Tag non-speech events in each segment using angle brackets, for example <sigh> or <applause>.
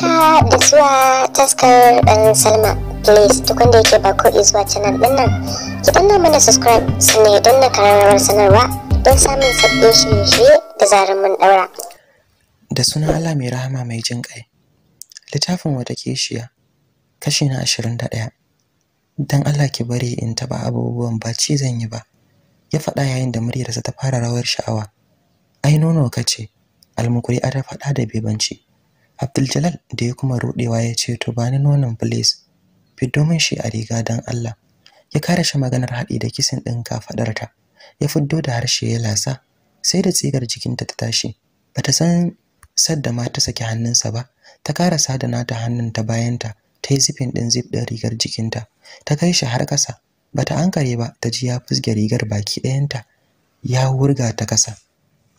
haka da zuwa taskar dan salma please duk wanda yake ba ko zuwa canal din nan ki danna mana subscribe sannan ya danna karamar sanarwa don samun sabbin shirye-shirye da zarar mun daura da sunan allah mai rahama mai jin kai littafin wata keshiya kashi na ashirin da ɗaya don allah ki bari in taɓa abubuwan ba ci zan yi ba ya faɗa yayin da muryarsa ta fara rawar sha'awa ai nono ka ce almukuri an faɗa da bebanci Abdul da ya kuma rudewa ya ce to bani nonon please fiddo min shi a riga dan Allah ya kare shi maganar haɗi da kisan ɗin kafaɗarta ya fiddo da harshe ya lasa sai da tsigar jikinta ta tashi bata san sadda ma ta saki hannunsa ba ta kara sada nata hannun ta bayanta ta yi zifin ɗin zif ɗin rigar jikinta ta kai shi har ƙasa bata ankare ba ta ji ya fusge rigar baki ɗayanta ya wurga ta ƙasa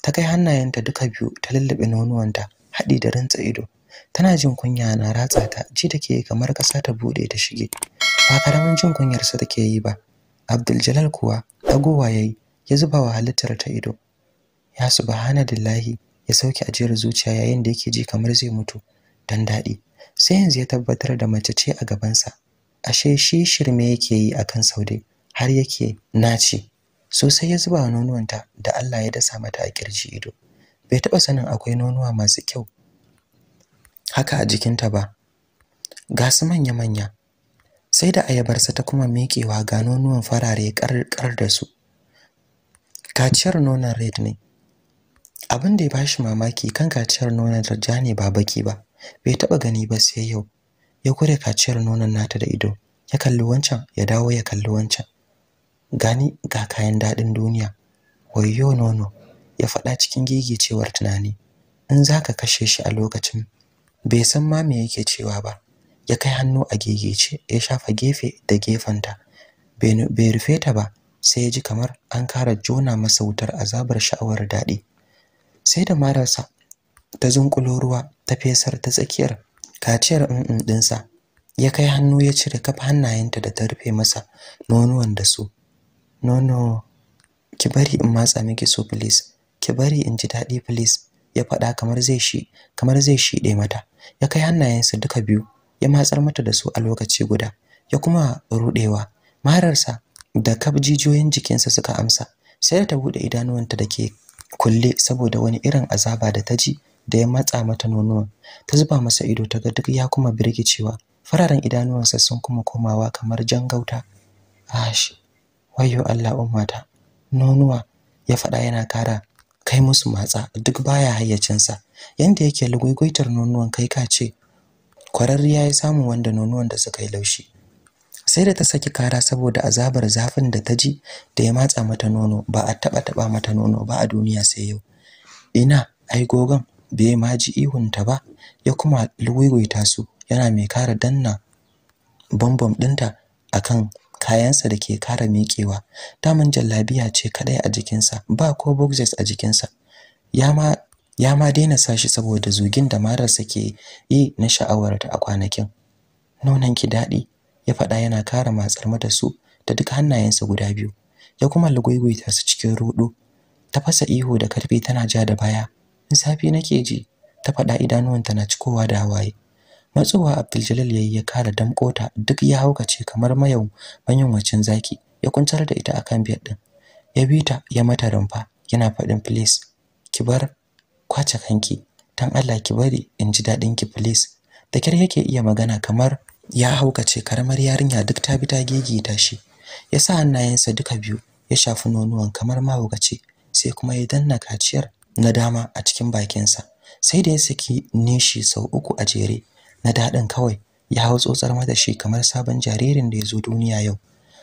ta kai hannayenta duka biyu ta lullube nonuwanta haɗi da rantsa ido tana jin kunya na ratsa ta ji take kamar ƙasa ta buɗe ta shige ba karamin jin kunyar sa take yi ba Abdul Jalal kuwa dagowa yayi ya zuba wa halittar ta ido ya subhanallahi ya sauke ajiyar zuciya yayin da yake ji kamar zai mutu dan daɗi sai yanzu ya tabbatar da mace ce a gabansa ashe shi shirme yake yi akan saude har yake naci sosai ya zuba wa nonuwanta da Allah ya dasa mata a kirji ido bai taɓa sanin akwai nonuwa masu kyau haka a jikinta ba ga su manya-manya sai da ayabarsa ta kuma miƙewa ga nonuwan farare ƙarƙar da su kaciyar nonon red ne abin da ya shi mamaki kan kaciyar nonon ja ne ba baki ba bai taɓa gani ba sai yau ya kure kaciyar nonon nata da ido ya kalli wancan ya dawo ya kalli wancan gani ga kayan daɗin duniya wayo nono ya faɗa cikin gigicewar tunani in zaka kashe shi a lokacin bai san ma me yake cewa ba ya kai hannu a gigice ya shafa gefe da gefenta bai rufe ta ba sai ya ji kamar an kara jona masa wutar azabar sha'awar daɗi sai da mararsa ta zunkulo ruwa ta fesar ta tsakiyar kaciyar in ɗinsa ya kai hannu ya cire kaf hannayenta da ta rufe masa nonuwan da su nono ki bari in matsa miki so please ki bari in ji daɗi please ya faɗa kamar zai shi kamar zai shiɗe mata ya kai hannayensa duka biyu ya matsar mata da su a lokaci guda ya kuma ruɗewa. mahararsa da kabjijiyoyin jikinsa suka amsa sai da ta bude idanuwanta da ke kulle saboda wani irin azaba da ta ji da ya matsa mata nonuwan ta zuba masa ido ta ga duk ya kuma birgicewa fararen idanuwansa sun kuma komawa kamar jan gauta ash wayo Allah ummata nonuwa ya faɗa yana kara kai musu matsa duk baya hayyacinsa yanda yake lugugaitar nonuwan kai ka ce kwararriya ya samu wanda nonuwan da suka yi laushi sai da ta saki kara saboda azabar zafin da ta ji da ya matsa mata nono ba a taba taba mata nono ba a duniya sai yau ina ai gogon bai ma ji ihunta ba ya kuma lugugwaita su yana mai kara danna bombom dinta akan kayansa da ke kara miƙewa daman jallabiya ce kadai a jikinsa ba ko boxes a jikinsa ya ma ya ma daina sashi saboda zugin da mararsa ke yi na sha'awarta a kwanakin nonan ki daɗi ya faɗa yana kara matsar mata su da duk hannayensa guda biyu ya kuma lugwaigwaita su cikin ruɗu ta fasa ihu da karfi tana ja da baya safi nake ji ta faɗa idanuwanta na cikowa da hawaye Matsuwa Abdul yayi ya kara damkota duk ya haukace kamar mayau manyan wacin zaki ya kuntar da ita akan biyar din ya bi ta ya mata rumfa yana faɗin please ki bar kwace kanki dan Allah ki bari in ji dadin ki please da kyar yake iya magana kamar ya haukace karamar yarinya duk ta bi ta gegita shi ya sa hannayensa duka biyu ya shafi nonuwan kamar mahaukaci sai kuma ya danna kaciyar na dama a cikin bakinsa sai da ya saki nishi sau uku a jere na daɗin kawai ya hau tsotsar mata shi kamar sabon jaririn da ya zo duniya yau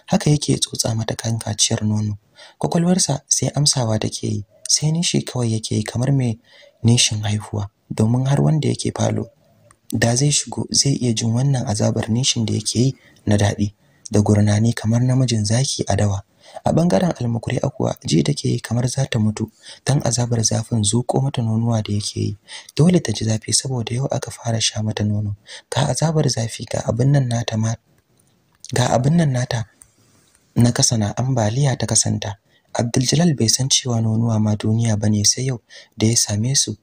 haka yake tsotsa mata kankaciyar nono kwakwalwarsa sai amsawa take yi sai nishi kawai yake yi kamar mai nishin haihuwa domin har wanda yake falo da zai shigo zai iya jin wannan azabar nishin da yake yi na daɗi da gurnani kamar namijin zaki a dawa a bangaren almukuri akuwa ji take yi kamar za ta mutu dan azabar zafin zuƙo mata nonuwa da yake yi dole ta ji zafi saboda yau aka fara sha mata nono ga azabar zafi ga abin nan nata ma ga abin nan nata na kasana ambaliya ta kasanta Abdul bai san cewa nonuwa ma duniya ba ne, sai yau da ya same su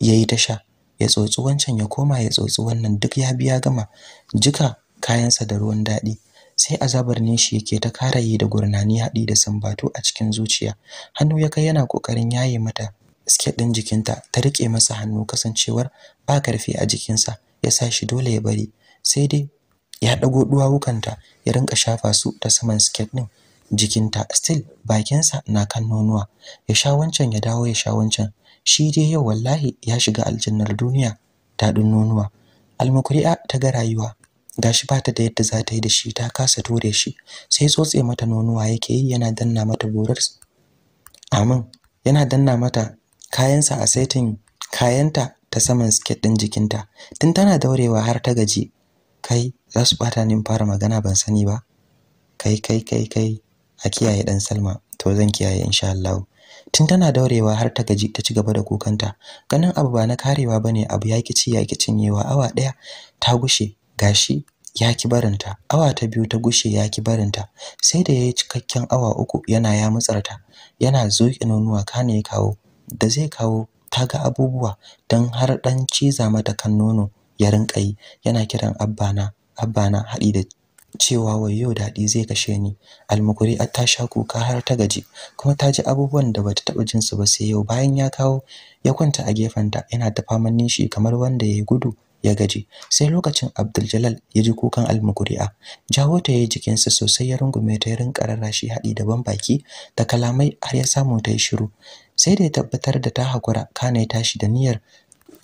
yayi ta sha ya tsotsi wancan ya koma ya tsotsi wannan duk ya biya gama jika kayansa da ruwan daɗi sai azabar ne shi yake ta karaye da gurnani haɗi da sambatu a cikin zuciya hannu ya kai yana kokarin yaye mata siket ɗin jikinta ta riƙe masa hannu kasancewar ba karfi a jikinsa ya sa shi dole ya bari sai dai ya ɗago duwawukanta ya rinka shafa su ta saman siket ɗin jikinta still bakinsa na kan nonuwa ya sha wancan ya dawo ya sha wancan shi dai yau wallahi ya shiga aljannar duniya daɗin nonuwa almukuri'a ta ga rayuwa gashi ba ta da yadda za ta yi da shi ta kasa ture shi sai tsotse mata nonuwa yake yi yana danna mata burar amin yana danna mata kayansa a saitin kayanta ta saman siket din jikinta tun tana daurewa har ta gaji kai za su bata nin fara magana ban sani ba kai kai kai kai a kiyaye dan Salma to zan kiyaye insha Allah tun tana daurewa har ta gaji ta ci gaba da kukanta ganin abu ba na karewa bane abu ya kici ya ki cinyewa awa daya ta gushe gashi ya ki barinta awa ta biyu ta gushe ya ki barinta sai da yayi cikakken awa uku yana ya mutsarta yana zoki nonuwa kana ya kawo da zai kawo ta ga abubuwa dan har dan ciza mata kan nono ya rinka yi yana kiran abba na abba na haɗi da cewa yau daɗi zai kashe ni almukuri a ta sha kuka har ta gaji kuma ta ji abubuwan da bata taɓa jin su ba sai yau bayan ya kawo ya kwanta a gefenta yana ta faman nishi kamar wanda yayi gudu ya gaji sai lokacin Abdul ya ji kukan almukuri'a jawo ta yayi jikinsa sosai ya rungume ta irin kararashi haɗi da baki ta kalamai har ya samu ta yi shiru sai da ya tabbatar da ta hakura kana tashi da niyyar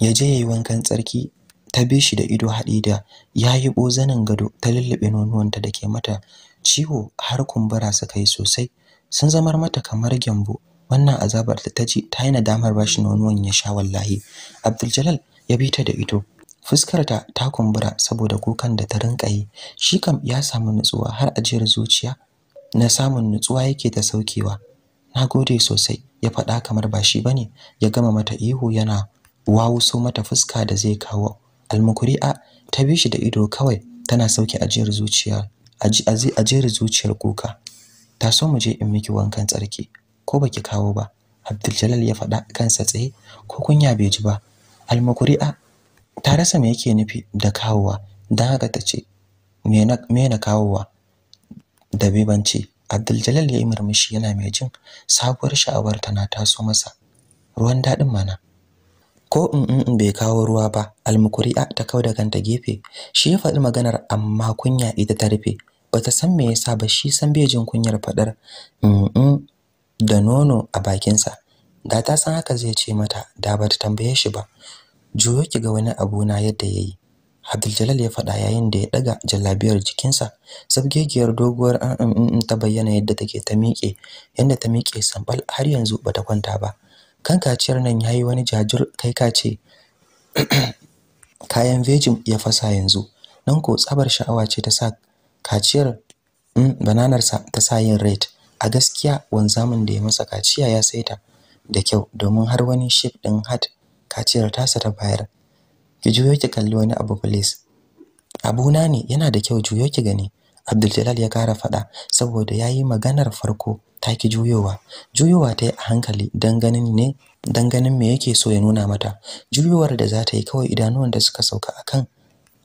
ya je yayi wankan tsarki ta bi shi da ido haɗi da yayi bozanin gado ta lullube nonuwanta da ke mata ciwo har kumbura suka yi sosai sun zamar mata kamar gyambo wannan azabar da ta ji ta yi nadamar bashi nonuwan ya sha wallahi Abdul ya bi ta da ido Fuskar ta kumbura saboda kukan da ta rinka yi shi kam ya samu nutsuwa har ajiyar zuciya na samun nutsuwa yake ta saukewa na gode sosai ya faɗa kamar ba shi bane ya gama mata ihu yana wawuso mata fuska da zai kawo almukuri'a ta bi shi da ido kawai tana sauke ajiyar zuciya ajiyar zuciyar kuka ta so mu je in miki wankan tsarki ko baki kawo ba Abdul ya faɗa kansa tsaye ko kunya bai ji ba almukuri'a ta rasa me yake nufi da kawowa don haka ta ce me na kawowa da bebanci abdul ya yi murmushi yana mai jin sabuwar sha'awar tana taso masa ruwan daɗin mana ko in bai kawo ruwa ba almukuri'a ta kau da kanta gefe shi ya faɗi maganar amma kunya ita ta rufe bata san me yasa ba shi san bai kunyar faɗar in mm, mm, da nono a bakinsa da ta san haka zai ce mata da bata tambaye shi ba juyo ki ga wani abu na yadda yayi Abdul ya faɗa yayin da ya daga jallabiyar jikinsa sabgegiyar doguwar an mm, mm, ta bayyana yadda take ta miƙe yadda ta miƙe sambal har yanzu bata kwanta ba kan kaciyar nan yayi wani jajir kai kace <clears throat> kayan vejin ya fasa yanzu nan ko tsabar sha'awa ce ta sa kaciyar mm, bananarsa ta sa yin rate a gaskiya wanzamin da ya masa kaciya ya saita da kyau domin har wani shape din hat kaciyar tasa ta bayar ki juyo ki kalli wani abu please abuna ne yana da kyau juyo ki gani Abdul ya kara fada saboda yayi maganar farko ta ki juyowa juyowa ta yi a hankali dan ganin ne dan ganin me yake so ya nuna mata juyowar da za ta yi kawai idanuwan da suka sauka akan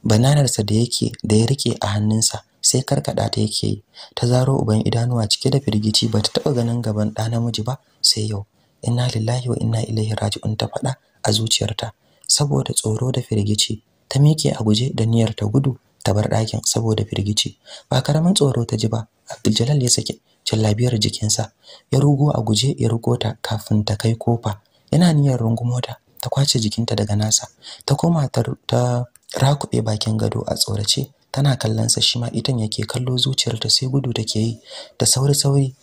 bananarsa da yake da ya rike a hannunsa sai karkada ta yake yi ta zaro uban idanuwa cike da firgici ba ta taɓa ganin gaban ɗa namiji ba sai yau inna lillahi wa inna ilaihi raji'un ta faɗa a zuciyarta saboda tsoro da firgici ta miƙe a guje da niyyar ta gudu ta bar ɗakin saboda firgici ba karamin tsoro ta ji ba Abdul ya sake jallabiyar jikinsa ya rugo a guje ya rugo ta kafin ta kai kofa yana niyyar rungumo ta ta kwace jikinta daga nasa ta koma ta rakuɓe bakin gado a tsorace tana kallonsa sa shi itan yake kallo zuciyarta sai gudu take yi da sauri sauri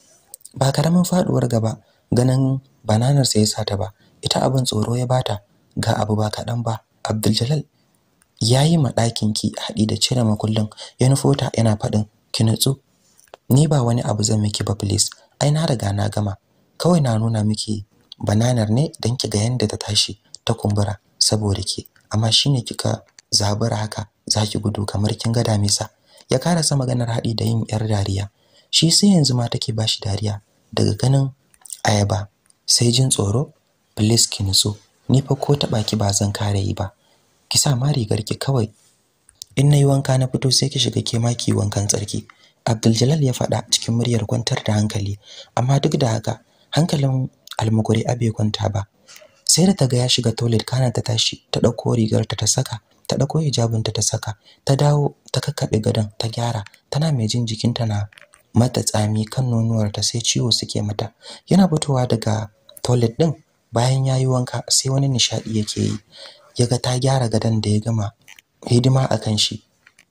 ba karamin faduwar gaba ganin bananar sa ya sata ba ita abin tsoro ya bata ga abu ba kaɗan ba abdul ya yi ma ɗakin ki haɗi da cire makullin ya nufo yana faɗin ki nutsu ni ba wani abu zan miki ba please ai na riga na gama kawai na nuna miki bananar ne don ki ga yadda ta tashi ta kumbura saboda ki amma shine kika zabura haka za ki gudu kamar kin ga damisa ya karasa maganar haɗi da yin yar dariya shi sai yanzu ma take bashi dariya daga ganin ayaba sai jin tsoro please ki nutsu ni fa ko taɓa ki ba zan kare yi ba ki sa ma rigar ki kawai in nayi wanka na fito sai ki shiga ke ma ki wankan tsarki Abdul ya faɗa cikin muryar kwantar da hankali amma duk da haka hankalin almugure abe kwanta ba sai da ta ga ya shiga toilet kana ta tashi ta ɗauko rigarta ta saka ta ɗauko hijabin ta ta saka ta dawo ta kakkabe gadon ta gyara tana mai jin jikinta na mata tsami kan nonuwarta sai ciwo suke mata yana fitowa daga toilet ɗin bayan yayi wanka sai wani nishadi yake yi yaga ta gyara gadon da ya gama hidima akan shi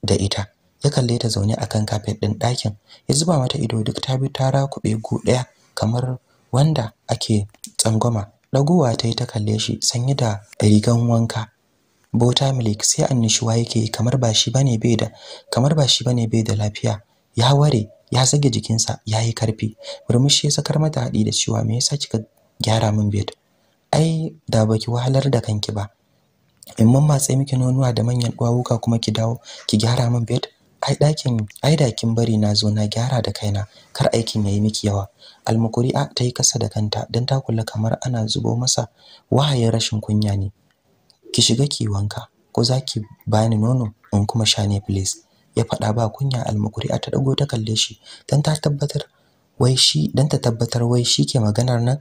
da ita ya kalle ta zaune a kan kafet ɗin ɗakin ya zuba mata ido duk ta bi ta rakube gu ɗaya kamar wanda ake tsangwama dagowa ta yi ta kalle shi sanye da rigan wanka bota milik sai annishuwa yake kamar ba shi bane bai da kamar ba shi bane bai da lafiya ya ware ya zage jikinsa ya yi karfi murmushi ya sakar mata haɗi da cewa me yasa kika gyara min bed ai da baki wahalar da kanki ba in mun matse miki nonuwa da manyan duwawuka kuma ki dawo ki gyara min bed ai dakin ai da bari na zo na gyara da kaina kar aikin yayi miki yawa almukuri'a ta yi kasa da kanta dan ta kula kamar ana zubo masa wahayin rashin kunya ne ki shiga ki wanka ko za ki bani nono in kuma sha ne please ya faɗa ba kunya almukuri'a ta dago ta kalle shi don ta tabbatar wai shi dan ta tabbatar wai shi ke maganar nan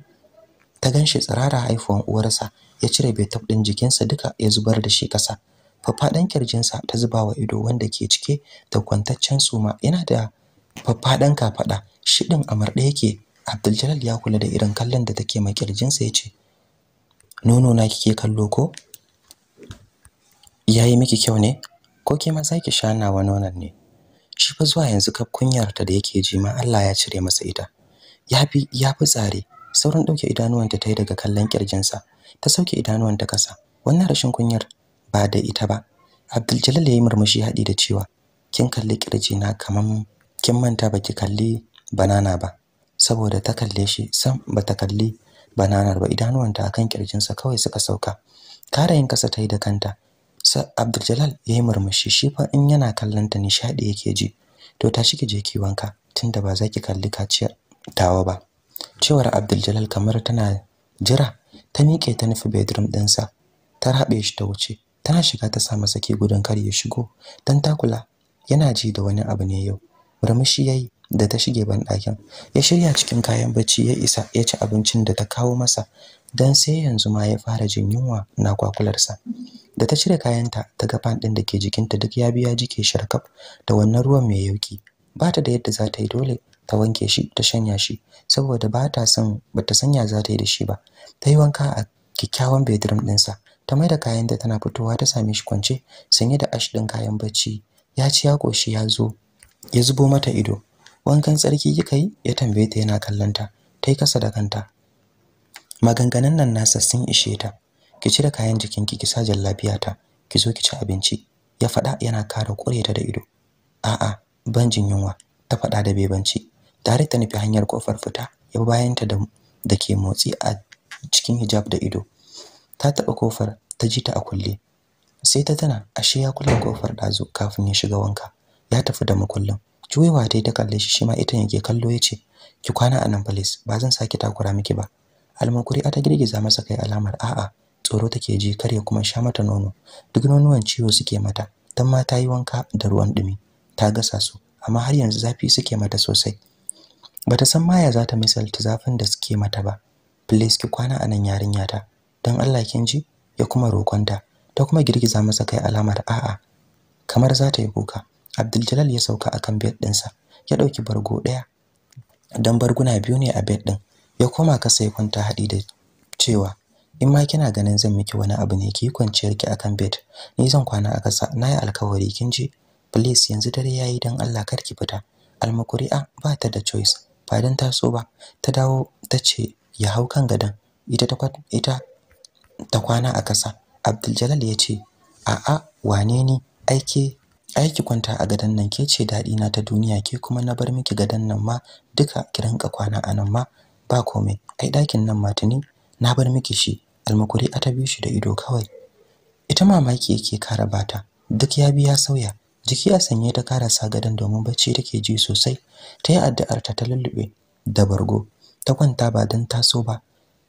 ta ganshi tsirara haifuwan uwarsa ya cire betop ɗin jikinsa duka ya zubar da shi ƙasa faffaɗan kirjinsa ta zuba wa ido wanda ke cike da kwantaccen suma yana da faffaɗan kafaɗa shi ɗin amarɗe yake Abdul ya kula da irin kallon da take ma kirjinsa ya ce nono na kike kallo ko yayi miki kyau ne ko ke ma zaki sha nawa nonon ne shi fa zuwa yanzu kaf kunyar ta da yake ji ma Allah ya cire masa ita yafi fi tsare sauran ɗauke idanuwanta ta yi daga kallon kirjinsa ta sauke idanuwanta kasa wannan rashin kunyar ba da ita ba abdul ya yi murmushi haɗi da cewa kin kalli na kamar kin manta baki kalli banana ba saboda ta kalle shi sam bata kalli bananar ba idanuwanta akan kirjinsa kawai suka sauka karayin kasa ta yi da kanta sa abdul ya yi murmushi shi fa in yana kallonta nishaɗi yake ji to ta ki je ki wanka tunda ba za ki kalli kaciyar tawa ba cewar Abdul kamar tana jira ta miƙe ta nufi bedroom ɗinsa ta rabe shi ta wuce tana shiga ta sa masa ke gudun kar ya shigo dan takula yana ji da wani abu ne yau murmushi yayi da ta shige ban ɗakin ya shirya cikin kayan bacci ya isa ya ci abincin da ta kawo masa dan sai yanzu ma ya fara jin yunwa na kwakularsa da ta cire kayanta ta ga fan ɗin da ke jikinta duk ya biya jike sharkaf da wannan ruwan mai yauki ba ta da yadda za ta yi dole ta wanke shi ta shanya shi saboda ba ta son ba ta sanya za ta yi da shi ba ta yi wanka a kyakkyawan bedroom ɗinsa ta mai da kayan da tana fitowa ta same shi kwance sanye da ash ɗin kayan bacci ya ci ya ƙoshi ya zo ya zubo mata ido wankan tsarki kika yi ya tambaye ta yana kallon ta ta yi kasa da kanta maganganun nan nasa sun ishe ta ki cire kayan jikinki ki sa jallabiya ta ki zo ki ci abinci ya faɗa yana kara ƙure ta da ido a'a ban jin yunwa ta faɗa da bebanci tare ta nufi hanyar kofar fita ya bayanta da da ke motsi a cikin hijab da ido ta taba kofar ta ji ta a kulle sai ta tana ashe ya kulle kofar dazu kafin ya shiga wanka ya tafi da makullin juyewa dai ta kalle shi shima ita yake kallo yace ki kwana a nan place ba zan saki takura miki ba almakuri ta girgiza masa kai alamar a'a tsoro take ji kar kuma sha mata nono duk nonuwan ciwo suke mata dan ma ta yi wanka da ruwan dumi ta gasa su amma har yanzu zafi suke mata sosai bata san maya za ta misalta zafin da suke mata ba please ki kwana anan yarinya ta don Allah kin ji ya kuma roƙonta. ta kuma girgiza masa kai alamar a'a kamar za ta yi kuka Abdul ya sauka akan bed ɗinsa ya ɗauki bargo ɗaya dan barguna biyu ne a bed ɗin ya koma kasa ya kwanta haɗi da cewa in ma kina ganin zan miki wani abu ne ki kwanciyar ki akan bed ni zan kwana a kasa nayi alkawari kin ji please yanzu dare yayi dan Allah kar ki fita almakuri'a ba ta da choice ba dan ta so ba ta dawo ta ce ya hau kan gadan ita ta ta kwana a ƙasa, Abdul ya ce a'a wane ne aike aiki kwanta a gadan nan ke ce dadi na ta duniya ke kuma na bar miki gadon nan ma duka ki rinka kwana a nan ma ba komai ai dakin nan ma tuni na bar miki shi almakuri a ta shi da ido kawai ita mamaki yake kara bata duk ya biya sauya jiki a sanye ta karasa gadon domin bacci take ji sosai ta yi addu'ar ta lullube da bargo ta kwanta ba don taso ba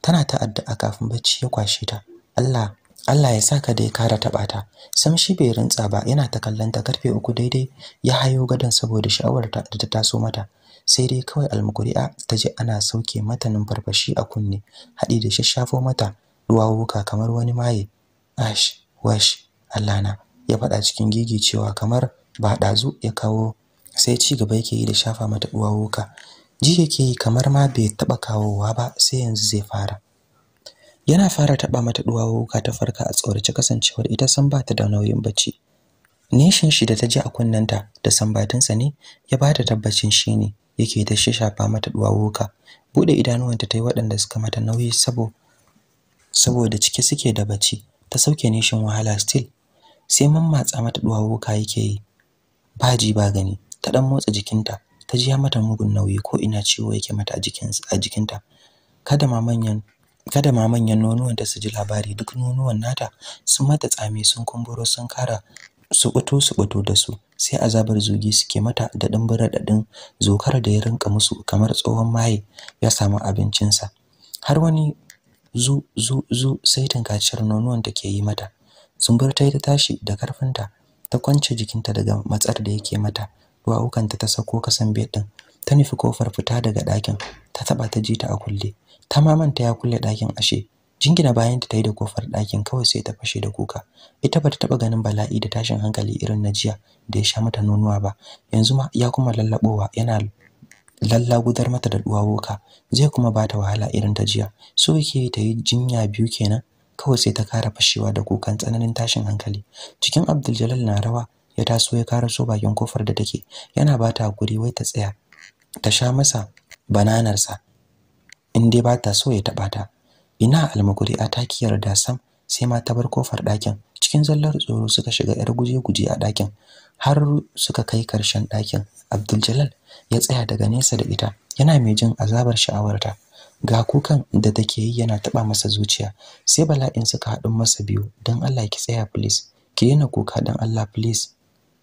tana ta addu'a kafin bacci ya kwashe ta Allah Allah ya saka da ya kara taba ta sam shi bai rintsa ba yana ta kallon ta karfe uku daidai ya hayo gadon saboda sha'awar ta da ta taso mata sai dai kawai almukuri'a ta je ana sauke mata numfarfashi a kunne haɗi da shashafo mata ruwa wuka kamar wani maye ash wash Allah na ya faɗa cikin gigi cewa kamar ba ɗazu ya kawo sai ci gaba yake yi da shafa mata uwa wuka ji yake yi kamar ma bai taɓa kawowa ba sai yanzu zai fara yana fara taɓa mata woka ta farka a tsorace kasancewar ita san ba ta da nauyin bacci nishin shi da ta ji a kunnanta da sambatinsa ne ya ba ta tabbacin shi ne yake ta shafa mata duwawuka bude idanuwanta ta yi waɗanda suka mata nauyi saboda cike suke da bacci ta sauke nishin wahala still sai matsa mata duwawo ka yake yi ba ji ba gani ta dan motsa jikinta ta jiya mata mugun nauyi ko ina ciwo yake mata a jikin a jikinta kada ma manyan kada ma manyan nonuwan da su ji labari duk nonuwan nata sun mata tsami, sun kumburo sun kara su buto su buto da su sai azabar zugi suke mata da da din zokar da ya rinka musu kamar tsohon maye ya samu abincinsa har wani zu zu zu sai tinkacin nonuwan ke yi mata Zumbur ta ta tashi da karfinta ta kwance jikinta daga matsar da yake mata. Duwawukanta ta sako kasan bed din. Ta nufi kofar fita daga ɗakin. Ta taɓa ta ji ta a kulle. Ta mamanta ya kulle ɗakin ashe. Jingina bayan ta yi da kofar ɗakin kawai sai ta fashe da kuka. Ita ba ta taɓa ganin bala'i da tashin hankali irin na jiya da ya sha mata nonuwa ba. Yanzu ma ya kuma lallaɓowa yana lallagudar mata da duwawuka. Zai kuma bata wahala irin ta jiya. So yake ta yi jinya biyu kenan kawai sai ta kara fashewa da kukan tsananin tashin hankali cikin Abdul na rawa ya taso ya kara so bakin kofar da take yana bata guri wai ta tsaya ta sha masa bananarsa in dai ba ta so ya taba ta ina almaguri a takiyar da sam sai ma ta bar kofar ɗakin cikin zallar tsoro suka shiga yar guje-guje a dakin har suka kai karshen ɗakin Abdul ya tsaya daga nesa da ita yana mai jin azabar sha'awarta ga kukan da take yi yana taba masa zuciya sai bala'in suka haɗu masa biyu don Allah ki tsaya please ki daina kuka don Allah please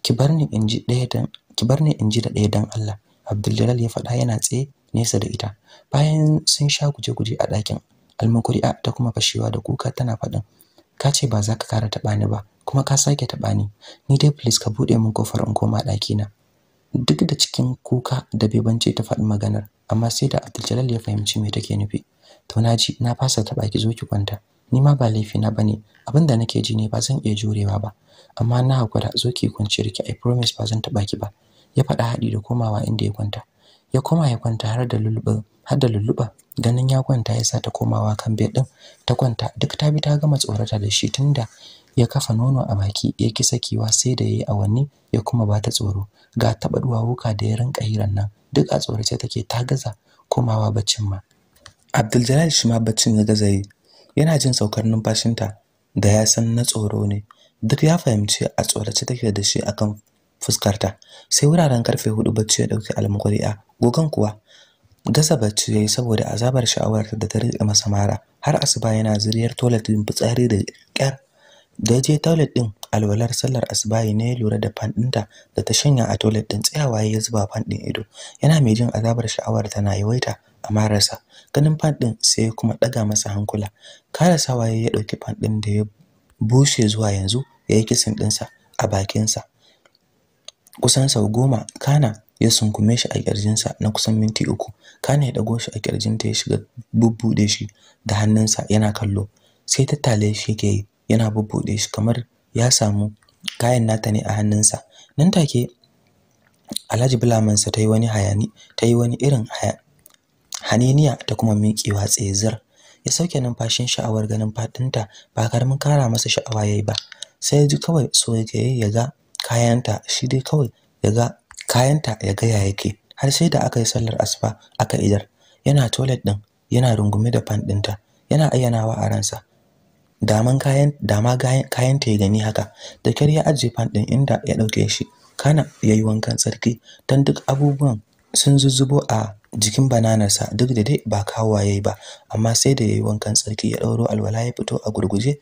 ki bar ni in ji ɗaya don ki bar ni in ji da ɗaya don Allah Abduljalal ya faɗa yana tsaye nesa da ita bayan sun sha guje-guje a ɗakin almakuri'a ta kuma fashewa da kuka tana faɗin ka ce ba za ka kara taɓa ni ba kuma ka sake taɓa ni ni dai please ka buɗe min kofar in koma ɗakina duk da cikin kuka da bebance ta faɗi maganar amma sai da Abdul ya fahimci me take nufi to naji na fasa taba ki zo ki kwanta ni ma ba laifi na bane abinda nake ji ne ba zan iya jurewa ba amma na hakura zo ki kwance ki i promise ba zan taba ki ba ya faɗa haɗi da komawa inda ya kwanta ya koma ya kwanta har da lulluɓa har da lulluba ganin ya kwanta ya sa ta komawa kan bed din ta kwanta duk ta bi ta gama tsorata da shi tunda ya kafa nono a baki ya ki sakewa sai da yayi awanni ya kuma ba ta tsoro ga taba duwawuka da ya rinka hiran nan duk a tsorace take ta gaza komawa baccin ma Abdul shi ma baccin ya gaza yi yana jin saukar numfashinta da ya san na tsoro ne duk ya fahimci a tsorace take da shi akan fuskarta sai wuraren karfe hudu bacci ya dauki almuqri'a gogan kuwa gasa bacci yayi saboda azabar sha'awar da ta rike masa mara har asuba yana ziriyar toilet din fitsari da kyar da ya je toilet din alwalar sallar asbayi ne ya lura da fan ɗinta da ta shanya a toilet din tsayawa ya zuba fan ɗin ido yana mai jin azabar sha'awar tana yawaita a mararsa ganin fan ɗin sai kuma ɗaga masa hankula waye ya ɗauki fan ɗin da ya bushe zuwa yanzu ya yi kisin ɗinsa a bakinsa kusan sau goma kana ya sunkume shi a kirjinsa na kusan minti uku kana ya dago shi a ƙirjinta ya shiga bubbude shi da hannunsa yana kallo sai tattale shi yake yi yana bubbuɗe shi kamar ya samu kayan nata ne a hannunsa nan take Alhaji Bulamansa ta yi wani hayani ta yi wani irin haniniya ta kuma miƙewa tsezar. ya sauke numfashin sha'awar ganin fatinta ba karamin kara masa sha'awa yi ba sai ji kawai so yake ya ga kayanta shi dai kawai ya ga kayanta ya ga ya yake har sai da aka yi sallar asuba aka idar yana toilet din yana rungume da fan ɗinta yana ayyanawa a ransa daman kayan dama kayan ta ya gani haka da kyar ya ajiye fan din inda ya dauke shi kana yayi wankan tsarki dan duk abubuwan sun zuzzubo a jikin bananarsa duk da dai ba kawowa ba amma sai da yayi wankan tsarki ya dauro alwala ya fito a gurguje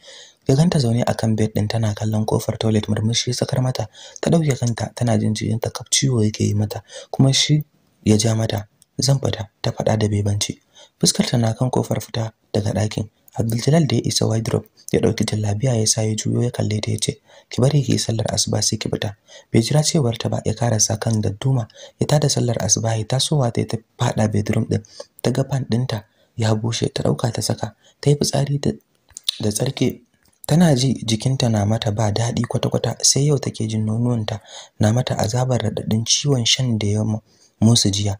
ya ganta zaune kan bed din tana kallon kofar toilet murmushi sakar mata ta dauke kanta tana jin jikin ta kaf yake yi mata kuma shi ya ja mata zan fita ta fada da bebanci fuskar ta na kan kofar fita daga ɗakin Abdul da ya isa wardrobe ya dauki jallabiya ya sa ya juyo ya kalle ta yace ki bari ki sallar asuba sai ki fita bai jira cewar ta ba ya karasa kan dadduma ya tada sallar asuba ya tasowa ta ta fada bedroom din ta ga fan dinta ya bushe ta dauka ta saka ta yi fitsari da da tsarke tana ji jikinta na mata ba daɗi kwata-kwata sai yau take jin ta, na mata azabar raɗaɗin ciwon shan da ya musu jiya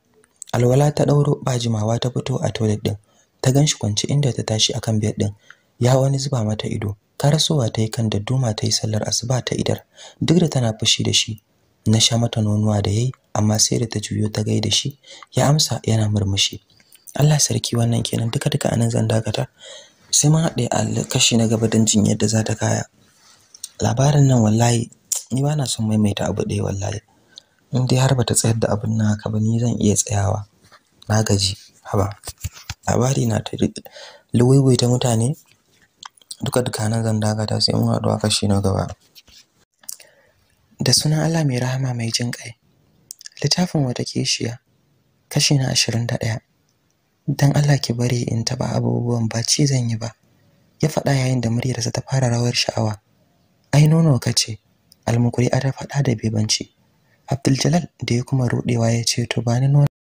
alwala ta ɗauro ba jimawa ta fito a toilet ɗin ta ganshi kwance inda ta tashi akan bed din ya wani zuba mata ido karasowa ta yi kan dadduma ta yi sallar asuba ta idar duk da tana fushi da shi na sha mata nonuwa da yayi amma sai da ta juyo ta gaida shi ya amsa yana murmushi Allah sarki wannan kenan duka duka anan zan dakata sai mun haɗe a kashi na gaba don jin yadda za ta kaya labarin nan wallahi ni ba na son maimaita abu ɗaya wallahi in dai har bata tsayar da abin nan haka ba ni zan iya tsayawa na gaji haba labari na ta luwaiwaita mutane duka duka zan dakata sai mun haɗu a kashi na gaba da sunan Allah mai rahama mai jin ƙai littafin wata keshiya kashi na ashirin da ɗaya. dan Allah ki bari in taba abubuwan ba ci zan yi ba ya faɗa yayin da muryarsa ta fara rawar sha'awa ai nono kace almukuri ta faɗa da bebanci Abdul Jalal da ya kuma ruɗewa ya ce to ba ni nono